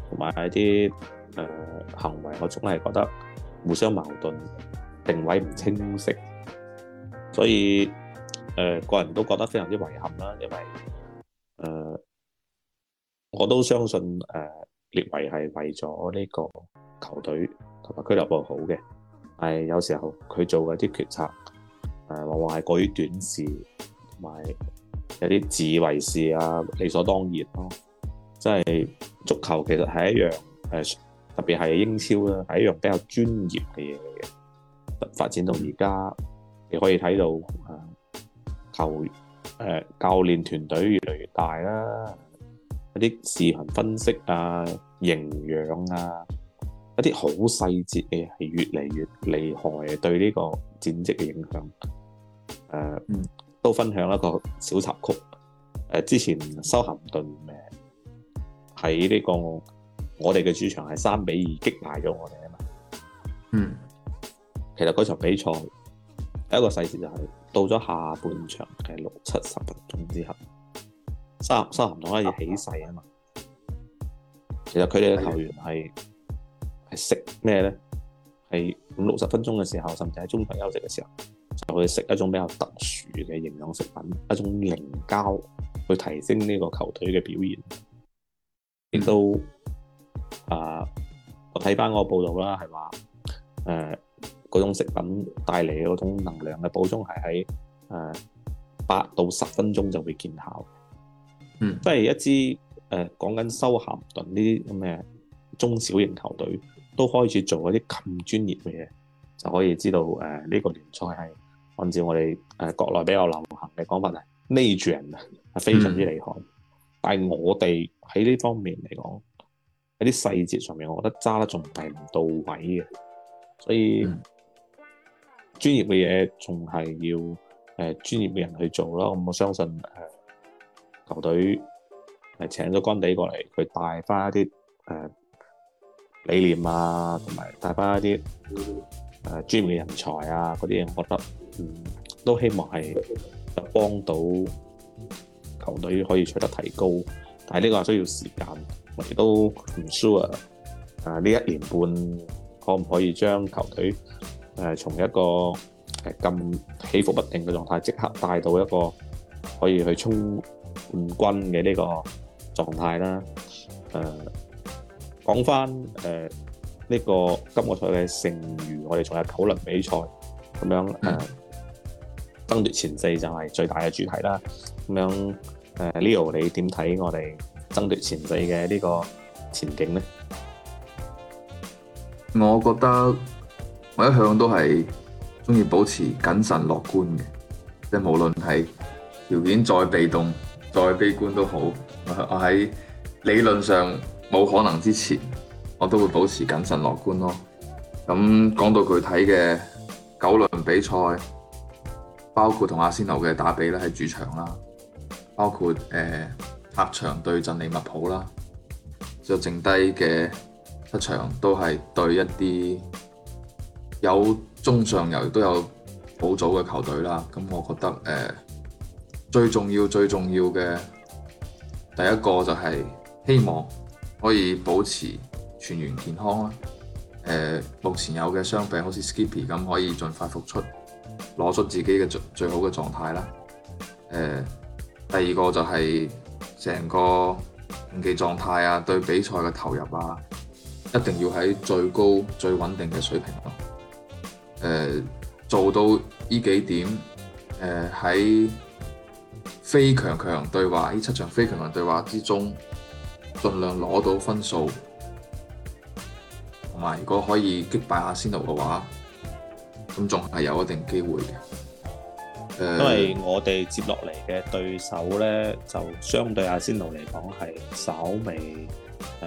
同埋一啲、呃、行為，我總係覺得互相矛盾，定位唔清晰，所以個、呃、個人都覺得非常之遺憾啦，因為。誒、呃，我都相信誒、呃，列維係為咗呢個球隊同埋俱樂部好嘅，但係有時候佢做嘅啲決策，誒、呃，往往係過於短視，同埋有啲自以為是啊，理所當然咯、啊。即係足球其實係一樣誒、呃，特別係英超啦，係一樣比較專業嘅嘢嚟嘅。發展到而家，你可以睇到誒、球、呃。誒，教練團隊越嚟越大啦，一啲視頻分析啊，營養啊，一啲好細節嘅係越嚟越厲害，對呢個戰績嘅影響。誒、呃嗯，都分享一個小插曲。誒、呃，之前修咸頓咩？喺呢、這個我哋嘅主場係三比二擊敗咗我哋啊嘛。嗯，其實嗰場比賽第一個細節就係、是。到咗下半場嘅六七十分鐘之後，沙咸頓可以起勢啊嘛！其實佢哋嘅球員係係食咩呢？係五六十分鐘嘅時候，甚至喺中場休息嘅時候，就去食一種比較特殊嘅營養食品，一種凝膠，去提升呢個球隊嘅表現。亦、嗯、都啊、呃，我睇翻嗰個報道啦，係話嗰種食品帶嚟嘅嗰種能量嘅補充係喺誒八到十分鐘就會見效，嗯，即係一支誒講緊修咸頓呢啲咁嘅中小型球隊都開始做嗰啲咁專業嘅嘢，就可以知道誒呢、呃呢個聯賽係按照我哋誒、呃、國內比較流行嘅講法嚟，呢場啊非常之厲害，嗯、但係我哋喺呢方面嚟講喺啲細節上面，我覺得揸得仲係唔到位嘅，所以，嗯專業嘅嘢仲係要誒、呃、專業嘅人去做咯，我相信、呃、球隊係請咗干地過嚟，佢帶翻一啲、呃、理念啊，同埋帶翻一啲誒、呃、專業嘅人才啊，嗰啲嘢我覺得、嗯、都希望係有幫到球隊可以取得提高，但係呢個係需要時間，我哋都唔 sure 啊呢一年半可唔可以將球隊誒從一個誒咁起伏不定嘅狀態，即刻帶到一個可以去衝冠軍嘅呢個狀態啦。誒講翻誒呢個今個賽季嘅剩餘，我哋仲有九輪比賽咁樣誒，爭奪前四就係最大嘅主題啦。咁樣誒，Leo 你點睇我哋爭奪前四嘅呢個前景咧？我覺得。我一向都係鍾意保持謹慎樂觀嘅，即係無論係條件再被動、再悲觀都好，我喺理論上冇可能之前，我都會保持謹慎樂觀咯。咁講到具體嘅九輪比賽，包括同阿仙奴嘅打比咧，喺主場啦，包括呃客場對陣利物浦啦，就剩低嘅七場都係對一啲。有中上游都有保組嘅球隊啦。咁我覺得、呃、最重要最重要嘅第一個就係希望可以保持全員健康啦、呃。目前有嘅傷病好似 Skipp 咁可以盡快復出攞出自己嘅最，最好嘅狀態啦、呃。第二個就係成個競技狀態啊，對比賽嘅投入啊，一定要喺最高最穩定嘅水平咯。誒、呃、做到呢幾點，誒、呃、喺非強強對話呢七場非強強對話之中，盡量攞到分數，同埋如果可以擊敗阿仙奴嘅話，咁仲係有一定機會嘅、呃。因為我哋接落嚟嘅對手咧，就相對阿仙奴嚟講係稍微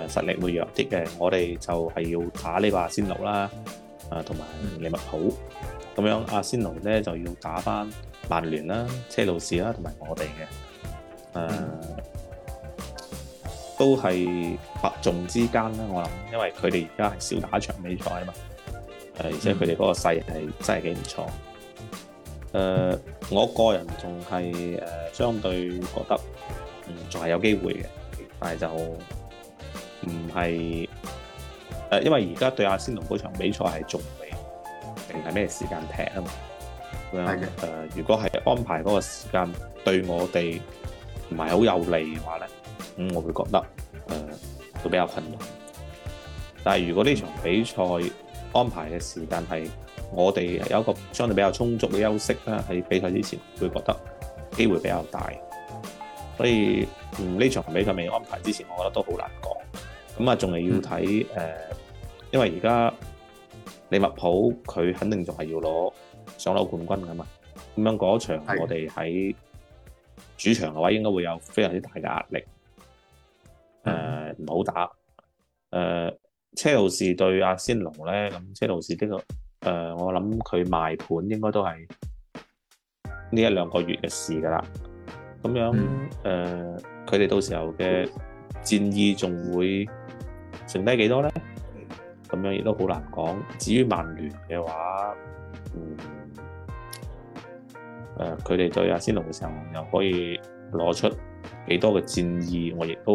誒實力會弱啲嘅，我哋就係要打呢個阿仙奴啦。啊，同埋利物浦咁、嗯、樣，阿仙奴咧就要打翻曼聯啦、車路士啦，同埋我哋嘅，誒、呃嗯，都係伯仲之間啦，我諗，因為佢哋而家係少打一場比賽啊嘛，誒、呃，而且佢哋嗰個勢係真係幾唔錯，誒、呃，我個人仲係誒，相對覺得，仲、嗯、係有機會嘅，但係就唔係。因為而家對阿仙奴嗰場比賽係仲未定係咩時間踢啊嘛。係嘅。誒、呃，如果係安排嗰個時間對我哋唔係好有利嘅話咧，咁我會覺得誒、呃、會比較困難。但係如果呢場比賽安排嘅時間係我哋有一個相對比較充足嘅休息啦，喺比賽之前會覺得機會比較大。所以嗯，呢、呃、場比賽未安排之前，我覺得都好難講。咁啊，仲係要睇誒。嗯呃因為而家利物浦佢肯定仲係要攞上樓冠軍㗎嘛，咁樣嗰場我哋喺主場嘅話，應該會有非常之大嘅壓力，誒唔、呃、好打。誒、呃、車路士對阿仙奴咧，車路士呢、呢個、呃、我諗佢賣盤應該都係呢一兩個月嘅事㗎啦。咁樣誒，佢、呃、哋到時候嘅戰意仲會剩低幾多少呢？咁樣亦都好難講。至於曼聯嘅話，嗯，呃、佢哋對阿仙奴嘅時候又可以攞出幾多嘅戰意，我亦都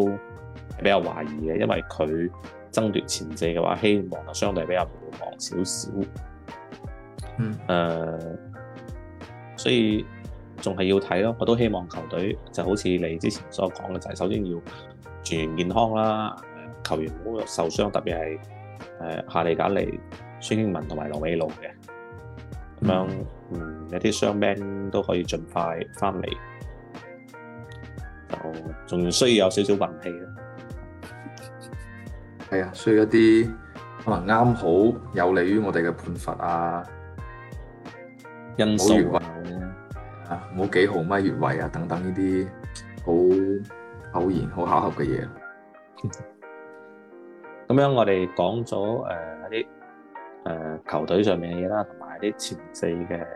比較懷疑嘅，因為佢爭奪前四嘅話，希望就相對比較渺茫少少。嗯，呃、所以仲係要睇咯。我都希望球隊就好似你之前所講嘅，就係、是、首先要全員健康啦，球員唔好受傷，特別係，誒夏利簡尼、孫興慜同埋羅美路嘅咁樣，嗯，有啲傷兵都可以盡快翻嚟，就仲需要有少少運氣咯。係啊，需要一啲可能啱好有利於我哋嘅判罰啊，因素啊，冇、啊、幾毫米越位啊，等等呢啲好偶然、好巧合嘅嘢。嗯咁樣我哋講咗誒啲球隊上面嘅嘢啦，同埋啲前四嘅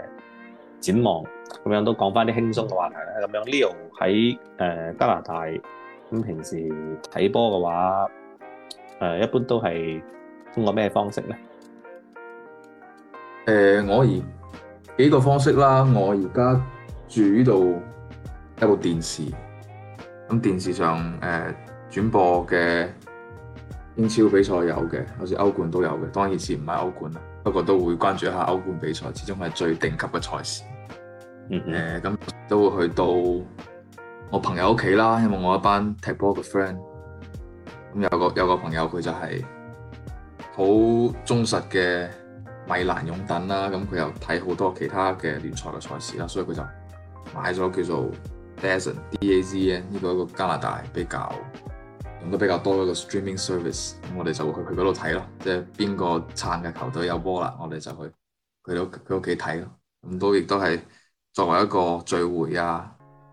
展望，咁樣都講返啲輕鬆嘅話題啦。咁樣 Leo 喺、呃、加拿大，平時睇波嘅話、呃，一般都係通過咩方式呢？呃、我而幾個方式啦，我而家住呢度一部電視，咁電視上誒、呃、轉播嘅。英超比賽有嘅，好似歐冠都有嘅。當然係唔係歐冠啦，不過都會關注一下歐冠比賽，始終係最頂級嘅賽事。誒、mm -hmm. 呃，咁都會去到我朋友屋企啦，因為我一班踢波嘅 friend。咁有個有個朋友佢就係好忠實嘅米蘭擁躉啦，咁佢又睇好多其他嘅聯賽嘅賽事啦，所以佢就買咗叫做 Dazn，D A Z N 呢個一個加拿大比較。咁都比較多一個 streaming service，咁我哋就會去佢嗰度睇咯。即係邊個撐嘅球隊有波啦，我哋就去佢屋佢屋企睇咯。咁都亦都係作為一個聚會啊、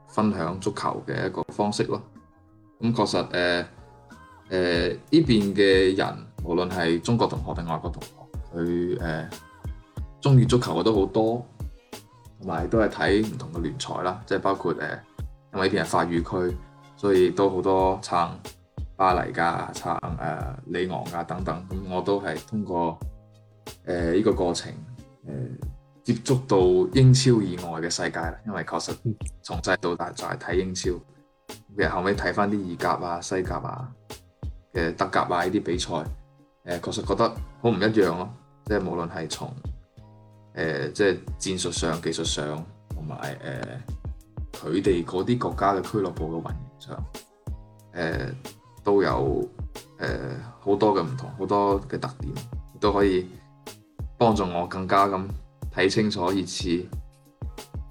分享足球嘅一個方式咯。咁確實誒誒呢邊嘅人，無論係中國同學定外國同學，佢誒中意足球嘅都好多，同埋都係睇唔同嘅聯賽啦。即係包括誒，因為呢邊係法語區，所以都好多撐。巴黎加撐誒、里、呃、昂啊等等，咁我都係通過誒依、呃這個過程誒、呃、接觸到英超以外嘅世界啦。因為確實從細到大就係睇英超，其實後尾睇翻啲意甲啊、西甲啊嘅、呃、德甲啊依啲比賽，誒、呃、確實覺得好唔一樣咯。即係無論係從誒即係戰術上、技術上，同埋誒佢哋嗰啲國家嘅俱樂部嘅運營上，誒、呃。都有誒呃好多嘅唔同，好多嘅特點都可以幫助我更加咁睇清楚一次，以此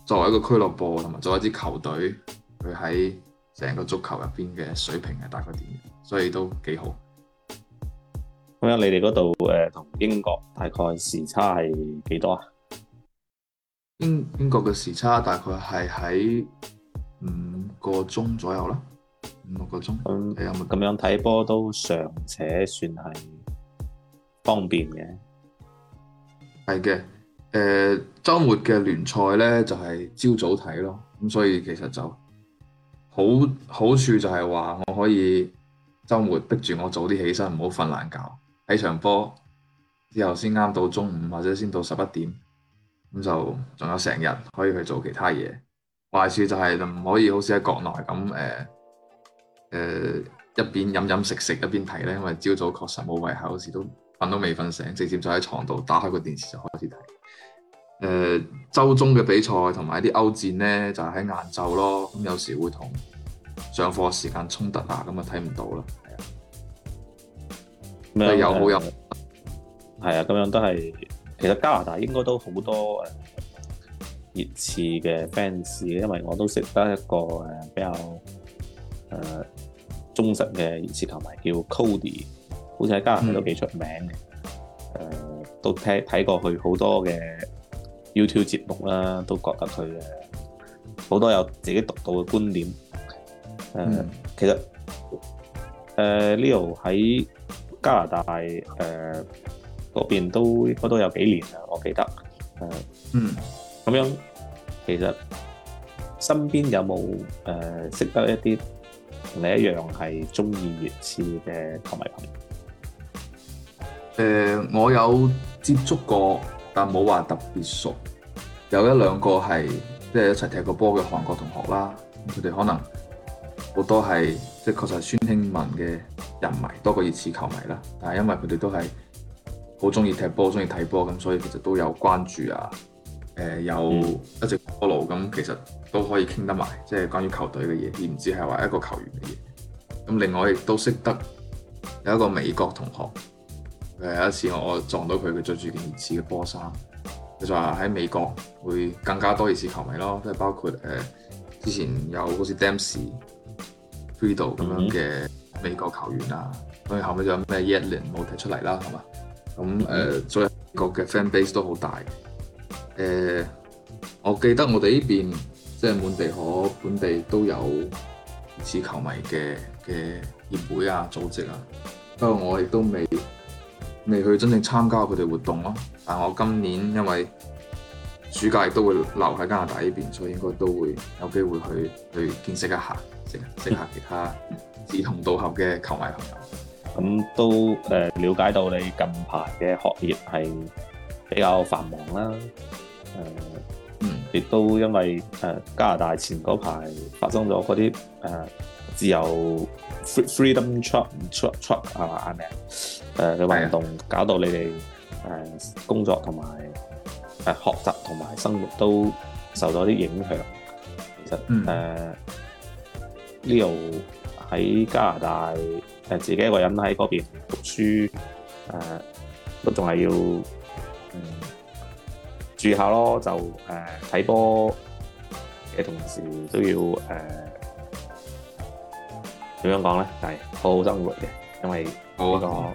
作為一個俱樂部同埋作為一支球隊，佢喺成個足球入邊嘅水平係大概點樣，所以都幾好。咁樣你哋嗰度誒同英國大概時差係幾多啊？英英國嘅時差大概係喺五個鐘左右啦。五六個鐘，咁咁樣睇波都尚且算係方便嘅，係嘅。誒、呃，周末嘅聯賽呢就係、是、朝早睇咯，咁所以其實就好好處就係話我可以周末逼住我早啲起身，唔好瞓懶覺睇場波之後先啱到中午，或者先到十一點咁就仲有成日可以去做其他嘢。壞處就係就唔可以好似喺國內咁誒。呃誒、uh, 一邊飲飲食食一邊睇咧，因為朝早確實冇胃口，時都瞓都未瞓醒，醒，直接就喺床度打開個電視就開始睇。誒、uh, 週中嘅比賽同埋啲歐戰咧，就喺晏晝咯。咁有時會同上課時間衝突下啊，咁就睇唔到啦。咁有好有好，係、嗯嗯、啊，咁樣都係。其實加拿大應該都好多誒、呃、熱刺嘅 fans，因為我都識得一個誒、呃、比較。誒忠實嘅熱刺球迷叫 Cody，好似喺加拿大、嗯呃、都幾出名嘅。誒都聽睇過佢好多嘅 YouTube 節目啦，都覺得佢誒好多有自己獨到嘅觀點。誒、呃嗯、其實誒、呃、Leo 喺加拿大誒嗰、呃、邊都應該都有幾年啦，我記得。誒、呃、嗯，咁樣其實身邊有冇誒識得一啲？你一樣係中意熱刺嘅球迷朋友？誒、uh，我有接觸過，但冇話特別熟。有一兩個係、mm -hmm. 即係一齊踢過波嘅韓國同學啦，佢哋可能好多係即係確實係孫興文嘅人迷多過熱刺球迷啦。但係因為佢哋都係好中意踢波、中意睇波，咁所以其實都有關注啊。誒、呃，有一直 follow 咁，mm -hmm. 其實。都可以傾得埋，即係關於球隊嘅嘢，而唔止係話一個球員嘅嘢。咁另外亦都識得有一個美國同學，誒有一次我，我撞到佢，佢著住件熱刺嘅波衫，佢就話喺美國會更加多熱刺球迷咯，即係包括誒、呃、之前有好似 Dempsey、Fredo 咁樣嘅美國球員、mm -hmm. 啊，咁後屘就有咩 Yedlin 冇踢出嚟啦，係嘛？咁誒，美、呃、國嘅 fan base 都好大。誒、呃，我記得我哋呢邊。即係滿地可，本地都有類似球迷嘅嘅協會啊、組織啊。不過我亦都未未去真正參加佢哋活動咯、啊。但我今年因為暑假亦都會留喺加拿大呢邊，所以應該都會有機會去去見識一下，識識下其他志同道合嘅球迷朋友。咁、 嗯、都誒瞭、呃、解到你近排嘅學業係比較繁忙啦，誒、呃。亦、嗯、都因為、呃、加拿大前嗰排發生咗嗰啲誒自由 freedom truck truck truck 係咪啊？誒、嗯、嘅、呃、運動搞到你哋、呃、工作同埋誒學習同埋生活都受咗啲影響。其實誒呢度喺加拿大、呃、自己一個人喺嗰邊讀書都仲係要。嗯住下咯，就誒睇波嘅同時都要誒點、呃、樣講咧？係好好生活嘅，因為我、這、咁、個啊、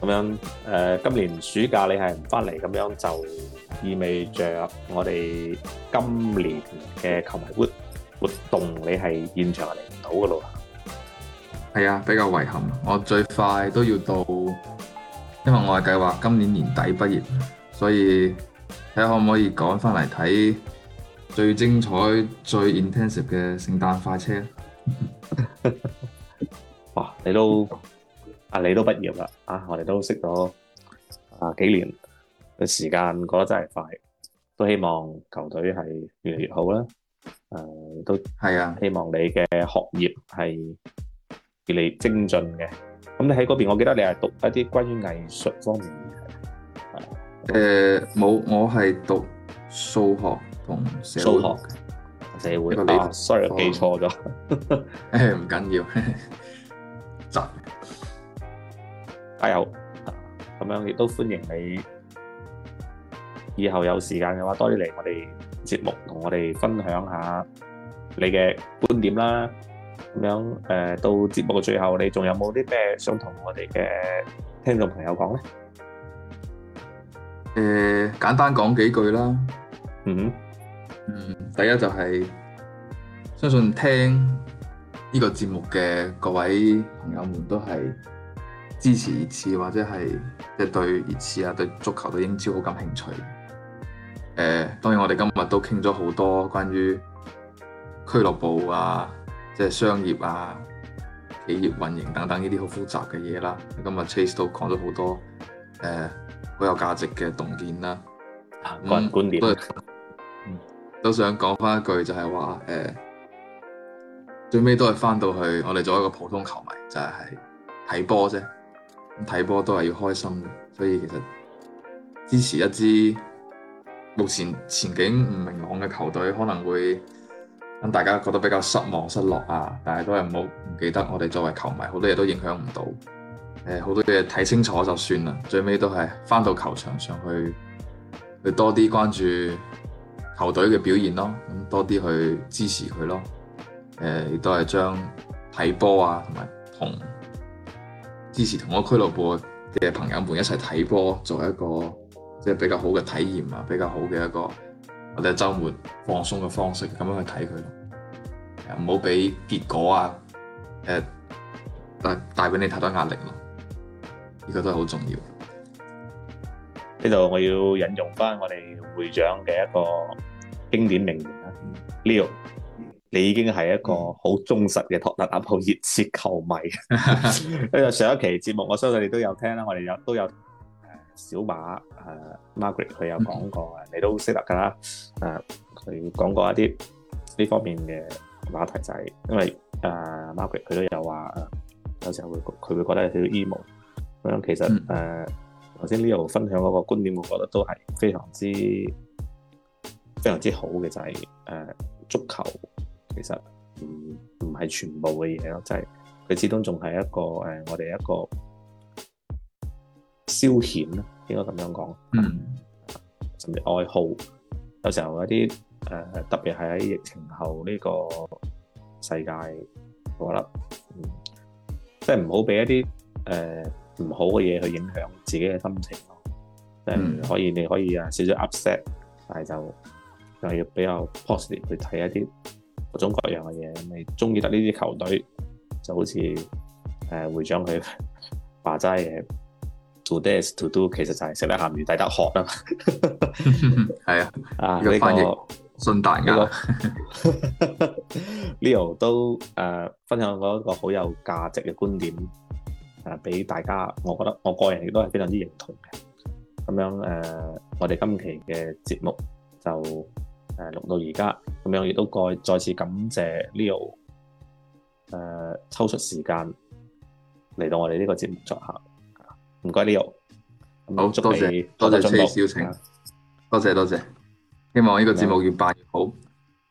樣誒、呃，今年暑假你係唔翻嚟，咁樣就意味着我哋今年嘅球迷活活動你係現場嚟唔到噶咯。係啊，比較遺憾，我最快都要到。因為我係計劃今年年底畢業，所以睇下可唔可以趕翻嚟睇最精彩、最 intensive 嘅聖誕快車 哇，你都啊，你都畢業啦啊！我哋都識咗啊幾年嘅時間，過得真係快。都希望球隊係越嚟越好啦。誒、呃，都係啊，希望你嘅學業係越嚟精進嘅。咁你喺嗰邊？我記得你係讀一啲關於藝術方面嘅係。誒、呃，冇、嗯，我係讀數學同社會學的社會，的社會你啊，sorry，記錯咗。誒、嗯，唔緊要，加 油。咁樣亦都歡迎你以後有時間嘅話，多啲嚟我哋節目，同我哋分享下你嘅觀點啦。咁樣、呃、到節目嘅最後，你仲有冇啲咩想同我哋嘅聽眾朋友講呢、呃、簡單講幾句啦。嗯、mm -hmm.，嗯，第一就係相信聽呢個節目的各位朋友們都係支持熱刺，或者係對熱刺啊，對足球、對英超好感興趣、呃。當然我哋今日都傾咗好多關於俱樂部啊。即係商業啊、企業運營等等呢啲好複雜嘅嘢啦。今日 Chase 都講咗好多誒好、呃、有價值嘅洞見啦。個、啊、人、嗯、觀點，都、嗯、都想講翻一句就係話誒，最尾都係翻到去我哋做一個普通球迷，就係睇波啫。咁睇波都係要開心嘅，所以其實支持一支目前前景唔明朗嘅球隊，可能會，大家覺得比較失望、失落啊，但係都係唔好唔記得，我哋作為球迷好多嘢都影響唔到。好多嘢睇清楚就算啦，最尾都係返到球場上去，去多啲關注球隊嘅表現咯。多啲去支持佢咯。誒，亦都係將睇波啊，同埋支持同一個俱樂部嘅朋友們一齊睇波，做一個即係比較好嘅體驗啊，比較好嘅一個。我哋喺周末放鬆嘅方式咁樣去睇佢，唔好俾結果啊，誒、啊，帶帶俾你太多壓力咯，呢個都係好重要。呢度我要引用翻我哋會長嘅一個經典名言啊，Leo，你已經係一個好忠實嘅托特納普熱切球迷，呢 為 上一期節目我相信你都有聽啦，我哋有都有。小馬誒、啊、Margaret 佢有講過誒、嗯，你都識得㗎啦誒，佢、啊、講過一啲呢方面嘅話題就係、是、因為誒、啊、Margaret 佢都有話誒、啊，有時候佢佢會覺得有少少 emo 咁、嗯、樣，其實誒頭先呢度分享嗰個觀點，我覺得都係非常之非常之好嘅、就是，就係誒足球其實唔唔係全部嘅嘢咯，就係、是、佢始終仲係一個誒我哋一個。呃消遣咧，應該咁樣講、嗯，甚至愛好，有時候一啲誒特別係喺疫情後呢個世界，我覺得，即係唔好俾一啲誒唔好嘅嘢去影響自己嘅心情。誒、呃嗯、可以你可以啊少少 upset，但係就又要比較 positive 去睇一啲各種各樣嘅嘢。你中意得呢啲球隊，就好似誒會長佢話齋嘅。So this to do 其實就係食得鹹魚抵得渴嘛。係 啊！啊 呢、這個順達啊，Leo 都誒、uh, 分享過一個好有價值嘅觀點，誒、uh, 俾大家，我覺得我個人亦都係非常之認同嘅。咁樣誒，uh, 我哋今期嘅節目就誒、uh, 錄到而家，咁樣亦都再再次感謝 Leo 誒、uh, 抽出時間嚟到我哋呢個節目作客。唔該，呢度好，多謝多謝崔少晴，多謝多謝，希望我呢個節目越辦越好。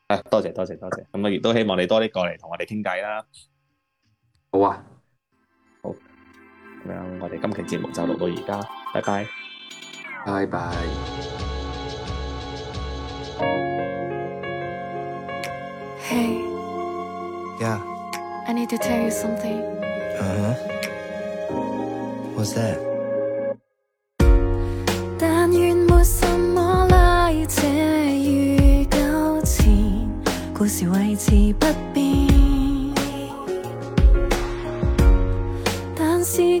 啊，多謝多謝多謝，咁我亦都希望你多啲過嚟同我哋傾偈啦。好啊，好，咁樣我哋今期節目就錄到而家，拜拜，拜拜。Hey，Yeah，I need to tell you something. 但願沒什麼拉扯，如舊時故事維持不變。但是